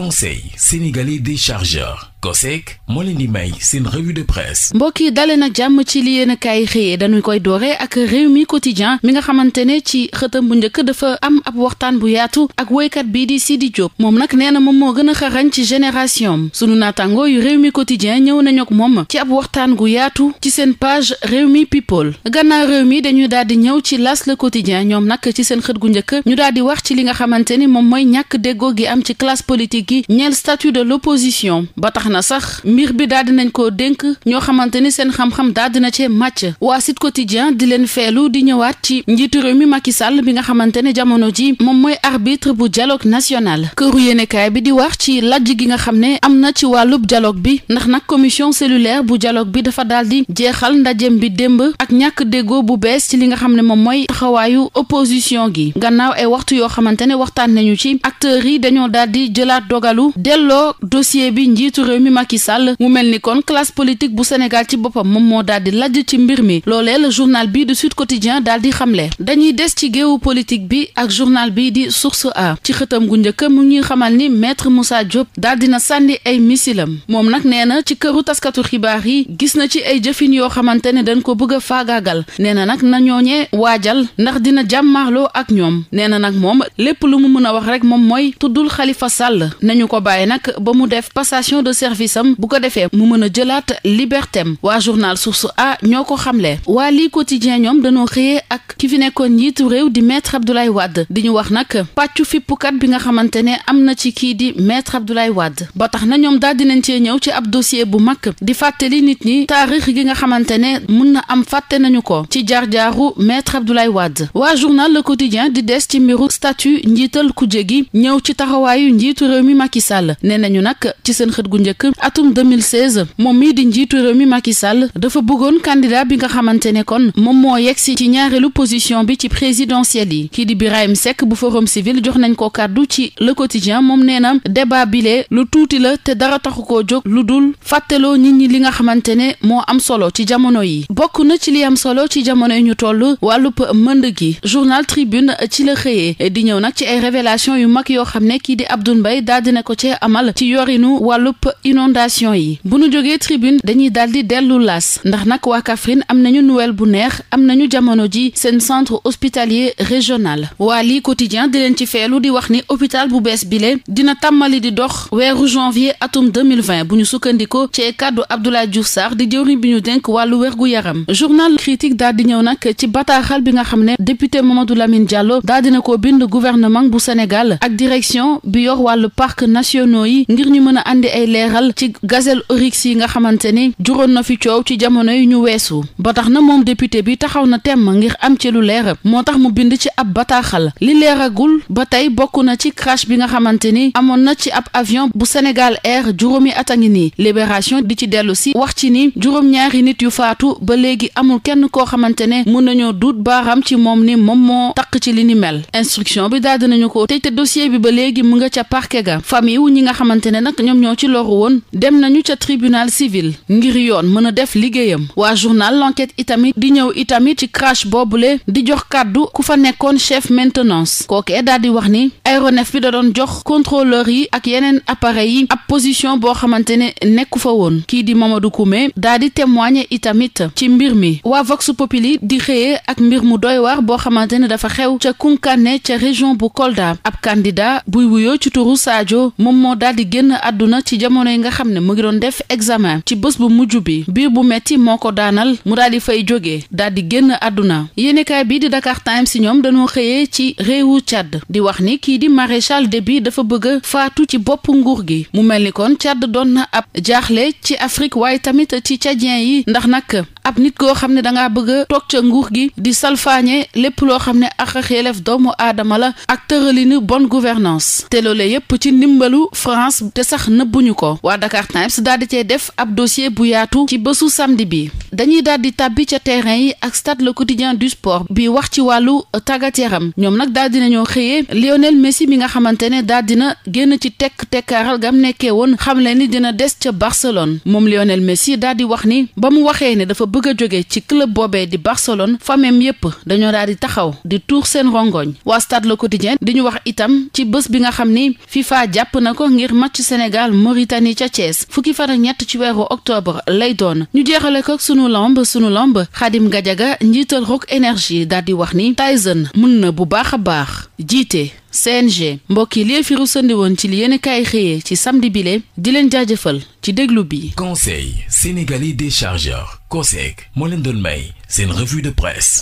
conseil moo leen di may seen revue de presse mbokk yi dale nag jàmm ci li yéen a kaay xëyee dañu koy doore ak réew mi quotidien mi nga xamante ne ci xëtam bu njëkk dafa am ab waxtaan bu yaatu ak woykat bii di Sidi Diop moom nag nee na moom moo gën a xarañ ci génération sunu naataango yu réew mi quotidien ñëw nañu ak moom ci ab waxtaan gu yaatu ci seen page réew mi people gannaaw réew mi dañuy daal di ñëw ci las le quotidien ñoom nag ci seen xët gu njëkk ñu daal di gi ñeel statut de l'opposition ba tax na sax mbir bi daal dinañ koo dénk ñoo xamante ni seen xam-xam daal dina cee màcc waa Sud Quotidien di leen feelu di ñëwaat ci njiitu réew mi Macky sàll bi nga xamante ne jamono ji moom mooy arbitre bu dialogue national këru yéenekaay bi di wax ci lajj gi nga xam ne am na ci wàllub jaloog bi ndax nag commission cellulaire bu jaloog bi dafa daal di jeexal ndajem bi démb ak ñàkk déggoo bu bees ci li nga xam ne moom mooy taxawaayu opposition gi dogalu delloo dossier bi njiitu réew mi Macky Sall mu mel ni kon classe politique bu Sénégal ci boppam moom moo daal di lajj ci mbir mi loolee la journal bii di Sud Quotidien daal di xamle dañuy des ci géewu politique bi ak journal bii di Source A ci xëtam gu njëkk mu ñuy xamal ni maître Moussa Diop daal na sànni ay misilam moom nag nee na ci këru taskatu xibaar yi gis na ci ay jëfin yoo xamante ne dañ ko bëgg a faagaagal nee na nag na ñooñee waajal ndax dina jàmmaarloo ak ñoom nee na nag moom lépp mu mën a wax rek moom mooy tuddul nañu ko bàyyi nag ba mu def passation de service am bu ko defee mu mën a jëlaat libertéem waa journal su A ñoo ko xamle waa lii quotidien ñoom dañoo xëyee ak ki fi nekkoon njiitu réew di maître Abdoulaye wàdd di ñu wax nag pàccu fippukat bi nga xamante ne am na ci kii di maître Abdoulaye wàdd ba tax na ñoom daal dinañ cee ñëw ci ab dossier bu mag di fàttali nit ñi taarix gi nga xamante ne mun na am fàtte nañu ko ci jaar-jaaru maître Abdoulaye wàdd waa journal Le Quotidien di des ci mbiru statut njiital kuje gi ñëw ci taxawaayu mi Macky Sall nee nañu nag ci seen moom moo yegg si ci ñaareelu position bi ci présidentielle yi kii di Birahim Seck bu forum civil jox nañ ko kàddu ci le quotidien moom nee na débat bile lu tuuti la te dara taxu koo jóg lu dul fàttaloo nit ñi li nga xamante ne moo am solo ci jamono yi bokk na ci li am solo ci jamono yi ñu toll wàllub mënd gi journal tribune ci la xëyee di ñëw nag ci ay révélation yu mag yoo xam ne kii di Abdoul Mbaye daal dina ko cee amal ci yorinu wàllub inondation yi bu nu jógee tribune dañuy daal di dellu las ndax nag waa Kaffrine am nañu nouvelle bu neex am nañu jamono ji seen centre hospitalier régional waa lii quotidien di leen ci feelu di wax ni hôpital bu bees bile dina tàmmali di dox weeru janvier atum 2020 bu ñu sukkandikoo ci kàddu Abdoulaye Diouf Sarr di jëwriñ bi ñu denk wàllu wergu yaram journal critique daal di ñëw nag ci bataaxal bi nga xam ne député Mamadou Lamine Diallo daal dina ko bind gouvernement bu Sénégal ak parcs nationaux yi ngir ñu mën a indi ay leeral ci gazelle oryx yi nga xamante ni juróon na fi coow ci jamono yi ñu weesu ba tax na moom député bi taxaw na temm ngir am ci lu leer moo tax mu bind ci ab bataaxal li leeragul ba tey bokk na ci crash bi nga xamante ni amoon na ci ab avion bu Sénégal Air juróomi at a ngi nii Libération di ci dellu si wax ci ni juróom-ñaari nit yu faatu ba léegi amul kenn koo xamante ne mun nañoo duut baaram ci moom ni moom moo taq ci li ni mel instruction bi daal dinañu ko bi ba léegi mu nga ca parquet famille wu ñi nga xamante ne nag ñoom ñoo ci loru woon dem nañu ca tribunal civil ngir yoon mën a def liggéeyam waa journal l'enquête itamit di ñëw itamit ci crash boobule di jox kàddu ku fa nekkoon chef maintenance kookee daal di wax ni aéronef bi da doon jox contrôleur yi ak yeneen appareil yi ab position boo xamante ne nekku fa woon kii di Mamadou Koumé daa di témoigner itamit ci mbir mi waa Vox Populi di xëyee ak mbir mu doy waar boo xamante ne dafa xew ca Koungkané ca région bu Kolda ab candidat buy wuyoo ci turu Sadio moom moo daal di génn àdduna ci jamono yi nga xam ne mu ngi doon def examen ci bés bu mujj bi biir bu metti moo ko daanal mu daal di fay jóge daal di génn àdduna yéenekaay bi di maréchal Déby dafa bëgg a faatu ci boppu nguur gi mu mel ni kon Tchad doon na ab jaaxle ci Afrique waaye tamit ci tchadiens yi ndax nag ab nit koo xam ne dangaa bëgg toog ca nguur gi di salfaañe lépp loo xam ne ak ak doomu aadama la ak tëralinu bon gouvernance te loole yépp ci ndimbalu France te sax nëbbuñu ko waa Dakar Times daal di cee def ab dossier bu yaatu ci bésu samedi bi dañuy daal di tàbbi ca terrain yi ak stade le quotidien du sport bi wax ci wàllu tàggat yaram ñoom nag daal dina ñoo xëyee Lionel Messi mi nga xamante ne daal na génn ci tekk tekkaaral gam nekkee woon xam ni dina des ca Barcelone moom Lionel Messi daal di wax bëgg a jóge ci club boobe di Barcelone fameem yépp dañoo daal di taxaw di tuur seen rongoñ waa Stade Le Quotidien di ñu wax itam ci bés bi nga xam ni FIFA jàpp na ko ngir match Sénégal Mauritanie ca Thiès fukki fan ñett ci weeru octobre lay doon ñu jeexale ko sunu lamb sunu lamb Khadim Gadiaga njiital Rock Énergie daal di wax ni Tyson mën na bu baax a baax jiite CNG mbokk yi liy fi rusandi woon ci li yéen kaay xëyee ci samedi bile di leen jaajëfal ci déglu bi. conseil sénégalais des chargeurs COSEC moo leen doon may seen revue de presse.